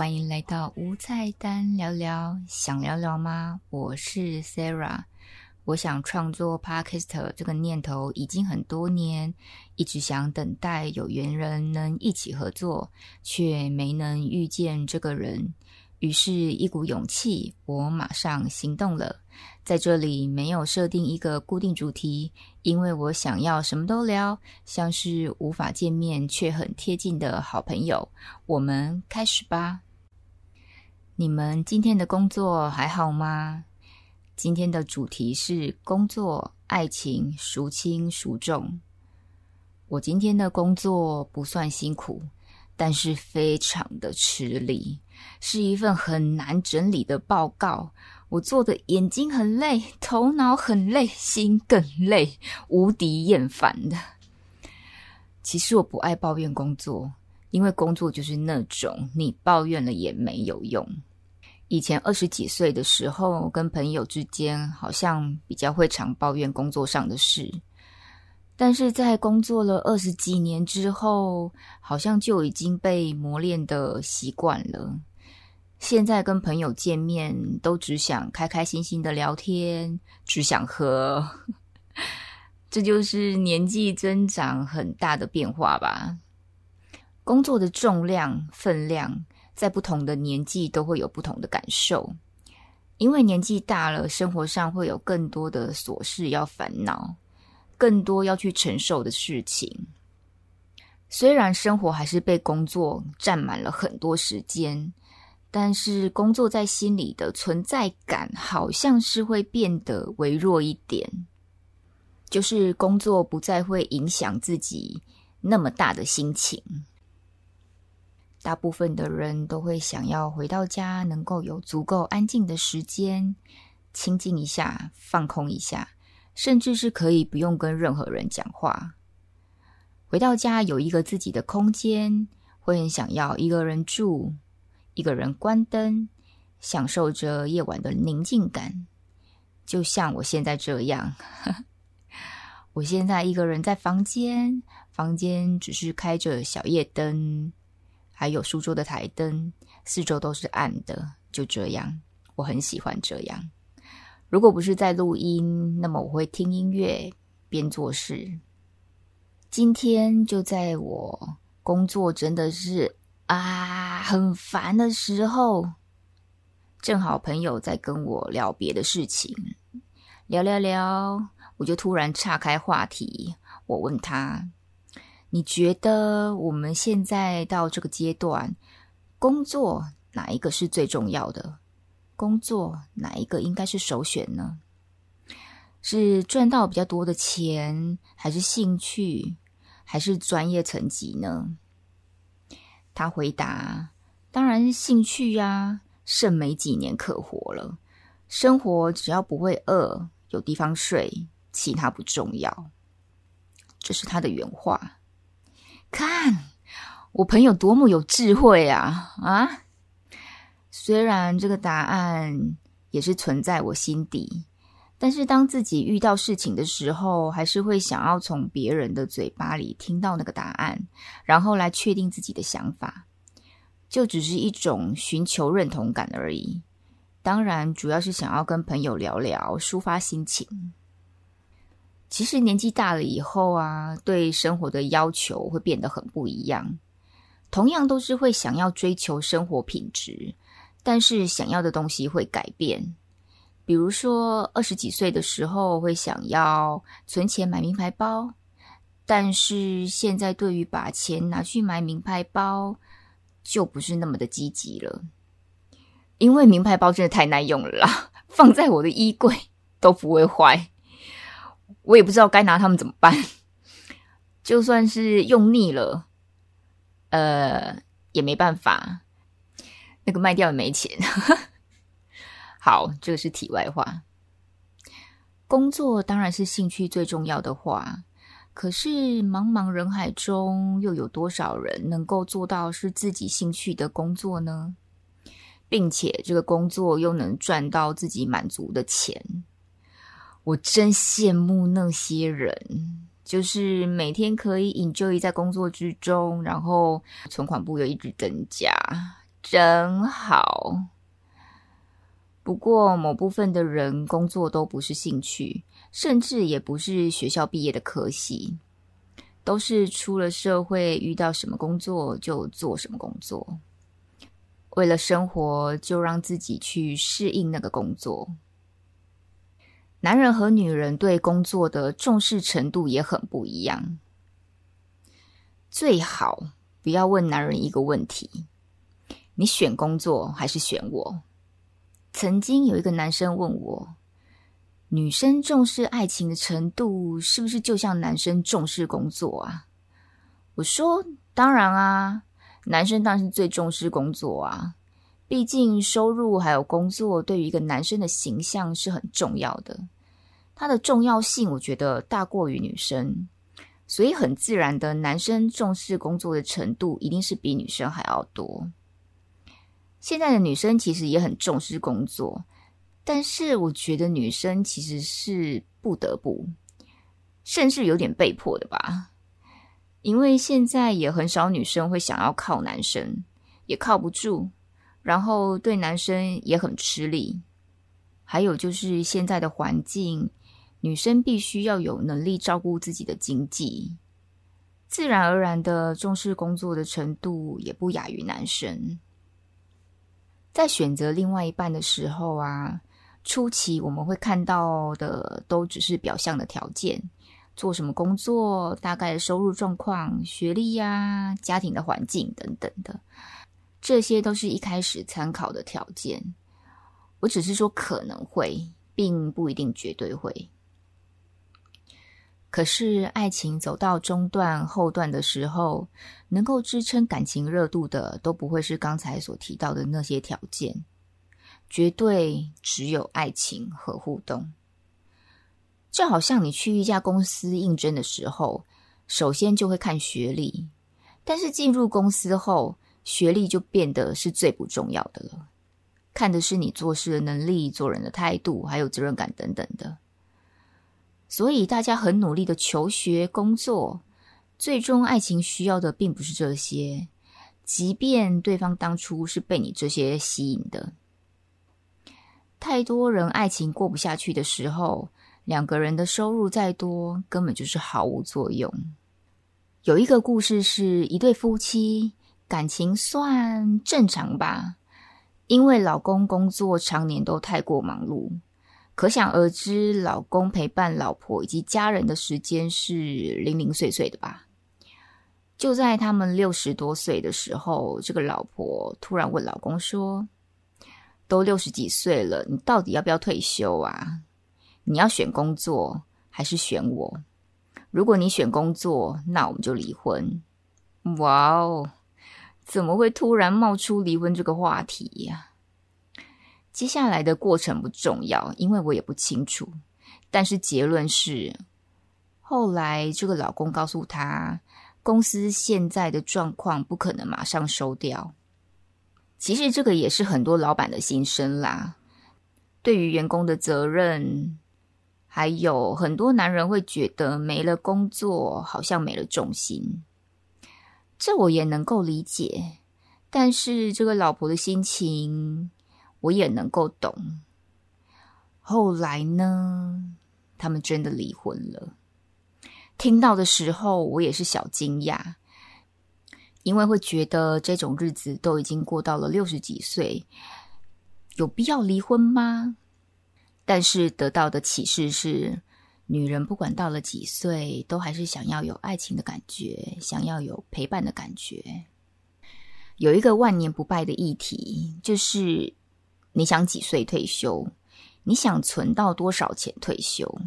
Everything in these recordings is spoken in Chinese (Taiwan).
歡迎來到無菜單聊聊，想聊聊嗎？我是 Sara。我想創作 Podcaster 這個念頭已經很多年，一直想等待有緣人能一起合作，卻沒能遇見這個人。於是，一股勇氣，我馬上行動了。在這裡沒有設定一個固定主題，因為我想要什麼都聊，像是無法見面卻很貼近的好朋友。我們開始吧。你們今天的工作還好嗎？今天的主題是工作、愛情，孰輕孰重？我今天的工作不算辛苦，但是非常的吃力，是一份很難整理的報告。我做的眼睛很累，頭腦很累，心更累，無敵厭煩的。其實我不愛抱怨工作，因為工作就是那種你抱怨了也沒有用。以前二十幾歲的時候，跟朋友之間好像比較會常抱怨工作上的事，但是在工作了二十幾年之後，好像就已經被磨練的習慣了。現在跟朋友見面，都只想開開心心的聊天，只想喝。 這就是年紀增長很大的變化吧。工作的重量、分量。在不同的年紀都會有不同的感受，因為年紀大了，生活上會有更多的瑣事要煩惱，更多要去承受的事情。雖然生活還是被工作占滿了很多時間，但是工作在心裡的存在感好像是會變得微弱一點，就是工作不再會影響自己那麼大的心情。大部分的人都會想要回到家，能夠有足夠安靜的時間，清靜一下，放空一下，甚至是可以不用跟任何人講話。回到家有一個自己的空間，會很想要一個人住，一個人關燈，享受着夜晚的寧靜感。就像我現在這樣，呵呵，我現在一個人在房間，房間只是開着小夜燈。還有書桌的台燈，四周都是暗的。就這樣，我很喜歡這樣。如果不是在錄音，那麼我會聽音樂邊做事。今天就在我工作真的是啊很煩的時候，正好朋友在跟我聊別的事情，聊聊聊，我就突然岔開話題，我問他。你覺得我們現在到這個階段，工作哪一個是最重要的？工作哪一個應該是首選呢？是賺到比較多的錢，還是興趣，還是專業層級呢？他回答：“當然興趣呀、啊，剩沒幾年可活了，生活只要不會餓，有地方睡，其他不重要。”這是他的原話。看，我朋友多麼有智慧啊！啊，雖然這個答案也是存在我心底，但是當自己遇到事情的時候，還是會想要從別人的嘴巴裡聽到那個答案，然後來確定自己的想法，就只是一種尋求認同感而已。當然，主要是想要跟朋友聊聊，抒發心情。其實年紀大了以後啊，對生活的要求會變得很不一樣。同樣都是會想要追求生活品質，但是想要的東西會改變。比如說二十幾歲的時候會想要存錢買名牌包，但是現在對於把錢拿去買名牌包就不是那麼的積極了，因為名牌包真的太耐用了啦，放在我的衣櫃都不會壞。我也不知道該拿他們怎麼辦， 就算是用膩了，呃，也沒辦法，那個賣掉也沒錢。 好，這個是題外話。工作當然是興趣最重要的話，可是茫茫人海中，又有多少人能夠做到是自己興趣的工作呢？並且這個工作又能賺到自己滿足的錢？我真羨慕那些人，就是每天可以 enjoy 在工作之中，然後存款簿又一直增加。真好。不過，某部分的人工作都不是興趣，甚至也不是學校畢業的科系，都是出了社會遇到什麼工作就做什麼工作，為了生活就讓自己去適應那個工作。男人和女人對工作的重視程度也很不一樣。最好不要問男人一個問題，你選工作還是選我？曾經有一個男生問我，女生重視愛情的程度是不是就像男生重視工作啊？我說，當然啊，男生當然是最重視工作啊。畢竟，收入還有工作，對於一個男生的形象是很重要的。它的重要性，我覺得大過於女生，所以很自然的，男生重視工作的程度一定是比女生還要多。現在的女生其實也很重視工作，但是我覺得女生其實是不得不，甚至有點被迫的吧，因為現在也很少女生會想要靠男生，也靠不住。然後對男生也很吃力，還有就是現在的環境，女生必須要有能力照顧自己的經濟，自然而然的重視工作的程度也不亞於男生。在選擇另外一半的時候啊，初期我們會看到的都只是表象的條件，做什麼工作、大概的收入狀況、學歷呀、啊、家庭的環境等等的。這些都是一開始參考的條件，我只是說可能會，並不一定絕對會。可是愛情走到中段，後段的時候，能夠支撐感情熱度的，都不會是剛才所提到的那些條件，絕對只有愛情和互動。就好像你去一家公司應徵的時候，首先就會看學歷，但是進入公司後，學歷就變得是最不重要的了，看的是你做事的能力、做人的態度，還有責任感等等的。所以大家很努力的求學、工作，最終愛情需要的並不是這些。即便對方當初是被你這些吸引的。太多人愛情過不下去的時候，兩個人的收入再多，根本就是毫無作用。有一個故事是一對夫妻。感情算正常吧，因為老公工作常年都太過忙碌，可想而知，老公陪伴老婆以及家人的時間是零零碎碎的吧。就在他們六十多歲的時候，這個老婆突然問老公說：“都六十幾歲了，你到底要不要退休啊？你要選工作還是選我？如果你選工作，那我們就離婚。”哇哦！怎麼會突然冒出離婚這個話題呀？接下來的過程不重要，因為我也不清楚。但是結論是，後來這個老公告訴他，公司現在的狀況不可能馬上收掉。其實這個也是很多老闆的心聲啦。對於員工的責任，還有很多男人會覺得沒了工作，好像沒了重心。這我也能夠理解，但是這個老婆的心情我也能夠懂。後來呢，他們真的離婚了。聽到的時候，我也是小驚訝，因為會覺得這種日子都已經過到了六十幾歲，有必要離婚嗎？但是得到的啟示是，女人不管到了幾歲，都還是想要有愛情的感覺，想要有陪伴的感覺。有一個萬年不敗的議題，就是你想幾歲退休？你想存到多少錢退休？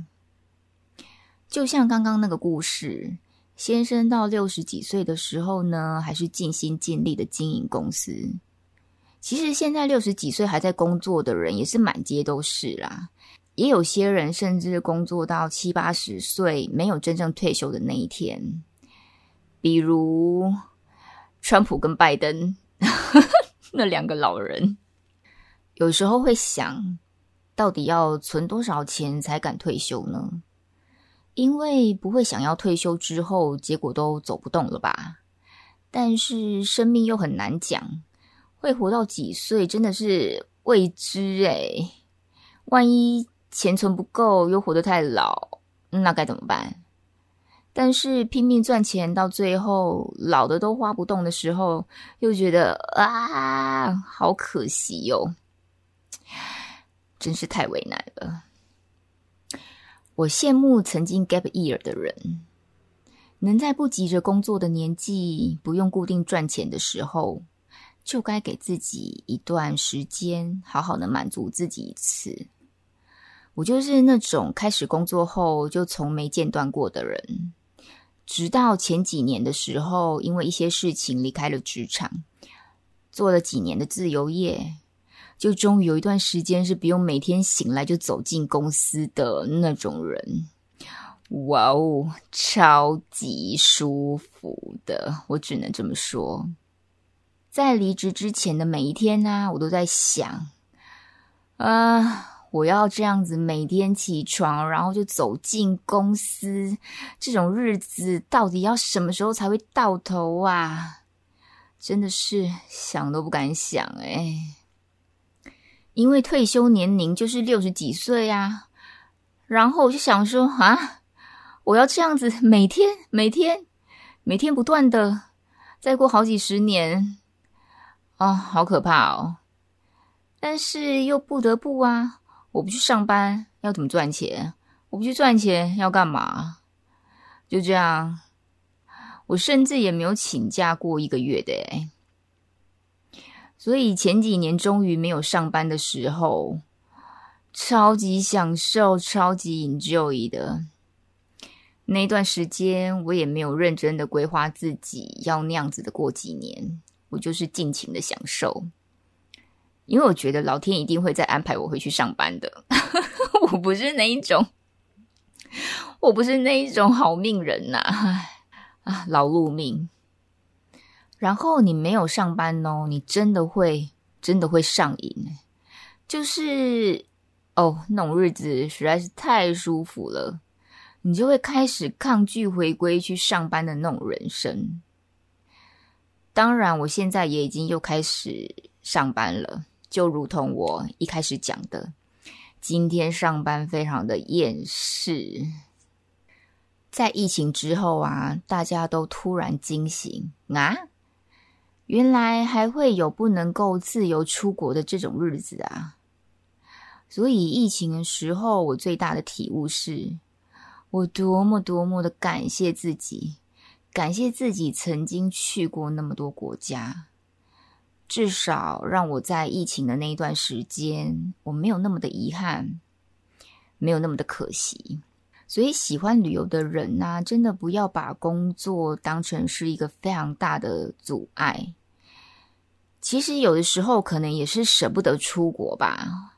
就像剛剛那個故事，先生到六十幾歲的時候呢，還是盡心盡力的經營公司。其實現在六十幾歲還在工作的人，也是滿街都是啦。也有些人甚至工作到七八十歲，沒有真正退休的那一天。比如川普跟拜登 那兩個老人，有時候會想，到底要存多少錢才敢退休呢？因為不會想要退休之後，結果都走不動了吧？但是生命又很難講，會活到幾歲真的是未知誒、欸、萬一。錢存不夠，又活得太老，那該怎麼辦？但是拼命賺錢，到最後老的都花不動的時候，又覺得啊，好可惜喲，真是太為難了。我羨慕曾經 Gap Year 的人，能在不急着工作的年紀，不用固定賺錢的時候，就該給自己一段時間，好好的滿足自己一次。我就是那種開始工作後就從沒間斷過的人，直到前幾年的時候，因為一些事情離開了職場，做了幾年的自由業，就終於有一段時間是不用每天醒來就走進公司的那種人。哇哦，超級舒服的，我只能這麼說。在離職之前的每一天呢、啊，我都在想，啊、uh,。我要這樣子每天起床，然後就走進公司，這種日子到底要什麼時候才會到頭啊？真的是想都不敢想誒、欸、因為退休年齡就是六十幾歲呀、啊。然後我就想說啊，我要這樣子每天、每天、每天不斷的，再過好幾十年，哦，好可怕哦！但是又不得不啊。我不去上班，要怎麼賺錢？我不去賺錢，要幹嘛？就這樣，我甚至也沒有請假過一個月的。哎，所以前幾年終於沒有上班的時候，超級享受、超級 enjoy 的那一段時間，我也沒有認真的規劃自己要那樣子的過幾年，我就是盡情的享受。因為我覺得老天一定會再安排我回去上班的， 我不是那一種，我不是那一種好命人吶，唉，啊，勞 碌命。然後你沒有上班哦，你真的會真的會上癮，就是哦，那種日子實在是太舒服了，你就會開始抗拒回歸去上班的那種人生。當然，我現在也已經又開始上班了。就如同我一開始講的，今天上班非常的厭世。在疫情之後啊，大家都突然驚醒，啊，原來還會有不能夠自由出國的這種日子啊。所以疫情的時候，我最大的體悟是，我多麼多麼的感謝自己，感謝自己曾經去過那麼多國家。至少讓我在疫情的那一段時間，我沒有那麼的遺憾，沒有那麼的可惜。所以喜歡旅遊的人呢、啊，真的不要把工作當成是一個非常大的阻礙。其實有的時候，可能也是捨不得出國吧，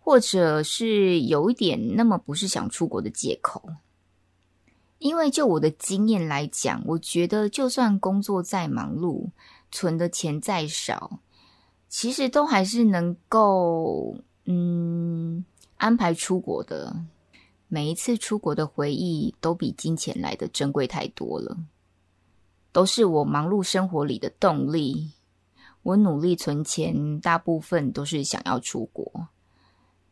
或者是有一點那麼不是想出國的借口。因為就我的經驗來講，我覺得就算工作再忙碌，存的錢再少，其實都還是能夠嗯安排出國的。每一次出國的回憶，都比金錢來得珍貴太多了。都是我忙碌生活裡的動力。我努力存錢，大部分都是想要出國。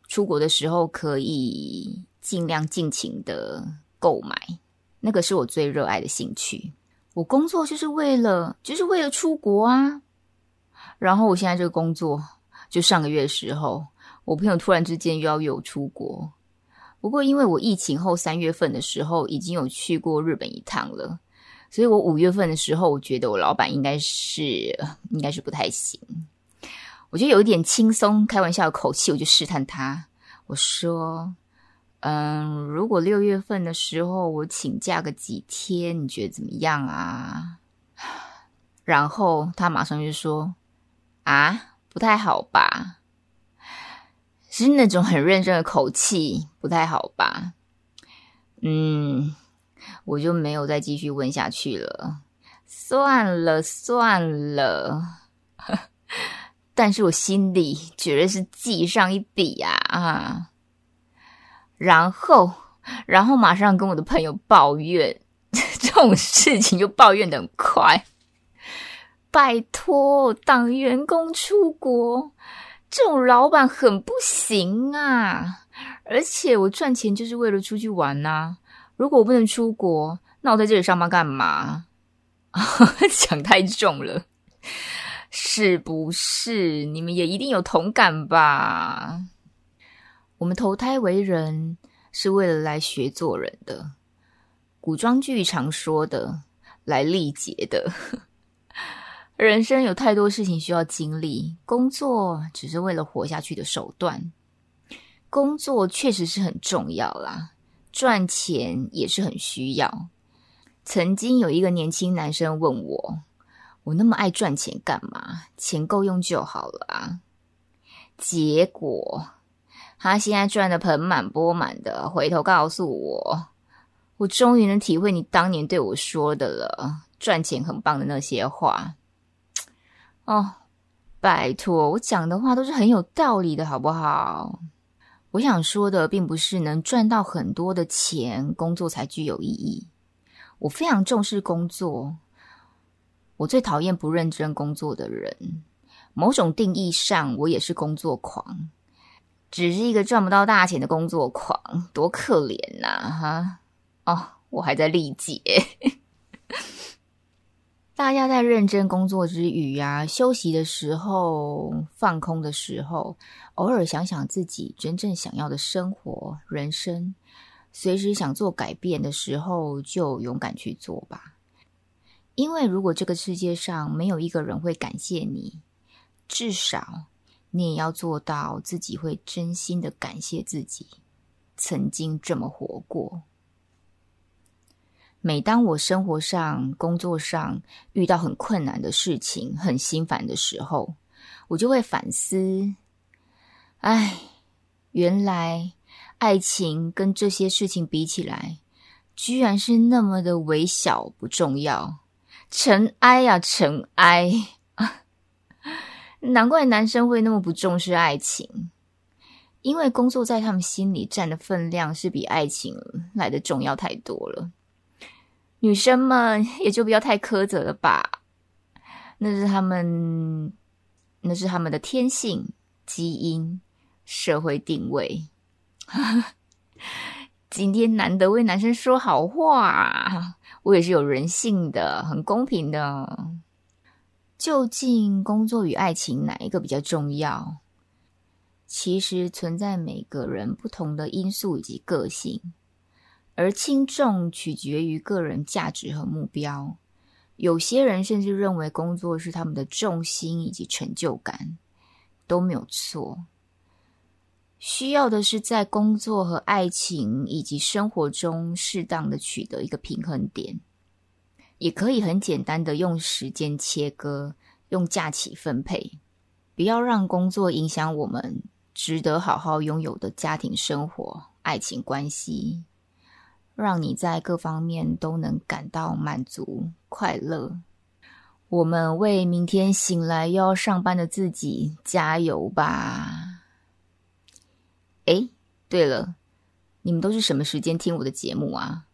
出國的時候，可以尽量盡情的購買，那個是我最熱愛的興趣。我工作就是為了，就是為了出國啊。然後我現在這個工作，就上個月的時候，我朋友突然之間又要約我出國。不過因為我疫情後三月份的時候已經有去過日本一趟了，所以我五月份的時候，我覺得我老板應該是，應該是不太行。我就有一點輕鬆開玩笑的口氣，我就試探他，我說。嗯，如果六月份的時候我請假個幾天，你覺得怎麼樣啊？然後他馬上就說：“啊，不太好吧？”是那種很認真的口氣，不太好吧？嗯，我就沒有再繼續問下去了。算了算了， 但是我心裡絕對是記上一筆啊啊！然後，然後馬上跟我的朋友抱怨這種事情，就抱怨得很快。拜托，擋員工出國，這種老闆很不行啊！而且我賺錢就是為了出去玩啊。如果我不能出國，那我在這裡上班幹嘛？想 太重了，是不是？你們也一定有同感吧？我們投胎為人是為了來學做人的，古裝劇常說的來歷劫的。 人生有太多事情需要經歷，工作只是為了活下去的手段。工作確實是很重要啦，賺錢也是很需要。曾經有一個年輕男生問我：“我那麼愛賺錢幹嘛？錢夠用就好了啊。”結果，他現在賺得盆滿鉢滿的，回頭告訴我，我終於能體會你當年對我說的了，賺錢很棒的那些話。哦，拜託，我講的話都是很有道理的，好不好？我想說的並不是能賺到很多的錢，工作才具有意義。我非常重視工作，我最討厭不認真工作的人。某種定義上，我也是工作狂。只是一個賺不到大錢的工作狂，多可憐吶、啊！哈，哦，我還在歷劫。 大家在認真工作之餘呀、啊，休息的時候，放空的時候，偶爾想想自己真正想要的生活、人生，隨時想做改變的時候，就勇敢去做吧。因為如果這個世界上沒有一個人會感謝你，至少。你也要做到自己會真心的感謝自己曾經這麼活過。每當我生活上、工作上遇到很困難的事情、很心煩的時候，我就會反思，哎，原來愛情跟這些事情比起來，居然是那麼的微小、不重要，塵埃呀，塵埃。難怪男生會那麼不重視愛情，因為工作在他們心裡占的分量是比愛情來的重要太多了。女生們也就不要太苛責了吧？那是他們，那是他們的天性、基因、社會定位。 今天難得為男生說好話，我也是有人性的，很公平的。究竟，工作與愛情哪一個比較重要？其實存在每個人不同的因素以及個性，而輕重取決於個人價值和目標。有些人甚至認為工作是他們的重心以及成就感，都沒有錯。需要的是在工作和愛情以及生活中適當的取得一個平衡點。也可以很簡單的用時間切割，用假期分配，不要讓工作影響我們值得好好擁有的家庭生活、愛情關係，讓你在各方面都能感到滿足、快樂。我們為明天醒來要上班的自己加油吧！誒，對了，你們都是什麼時間聽我的節目啊？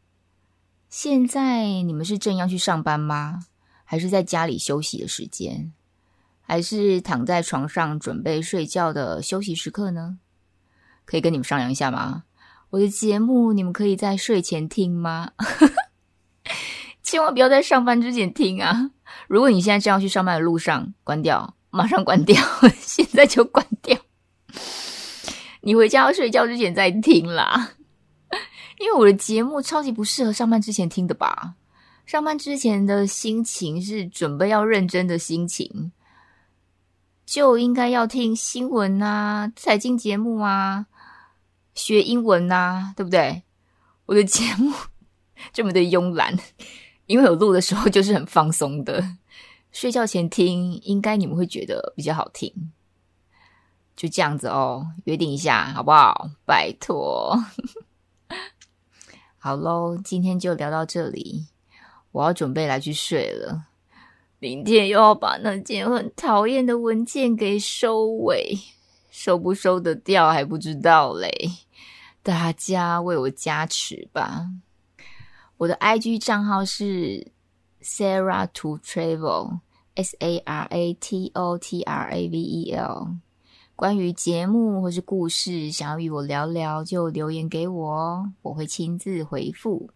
現在你們是正要去上班嗎？還是在家裡休息的時間？還是躺在床上準備睡覺的休息時刻呢？可以跟你們商量一下嗎？我的節目你們可以在睡前聽嗎？ 千萬不要在上班之前聽啊！如果你現在正要去上班的路上，關掉，馬上關掉，現在就關掉。你回家要睡覺之前再聽啦。因為我的節目超級不適合上班之前聽的吧？上班之前的心情是準備要認真的心情，就應該要聽新聞啊、財經節目啊、學英文啊，對不對？我的節目這麼的慵懶，因為我錄的時候就是很放鬆的。睡覺前聽，應該你們會覺得比較好聽。就這樣子哦，約定一下好不好？拜託。好嘍，今天就聊到這裡，我要準備來去睡了。明天又要把那件很討厭的文件給收尾，收不收得掉還不知道嘞。大家為我加持吧。我的 IG 賬號是 saratotravel，S A R A T O T R A V E L。關於節目或是故事，想要與我聊聊，就留言給我，我會親自回復。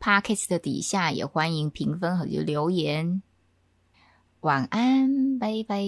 Podcast 的底下也歡迎評分和留言。晚安，拜拜。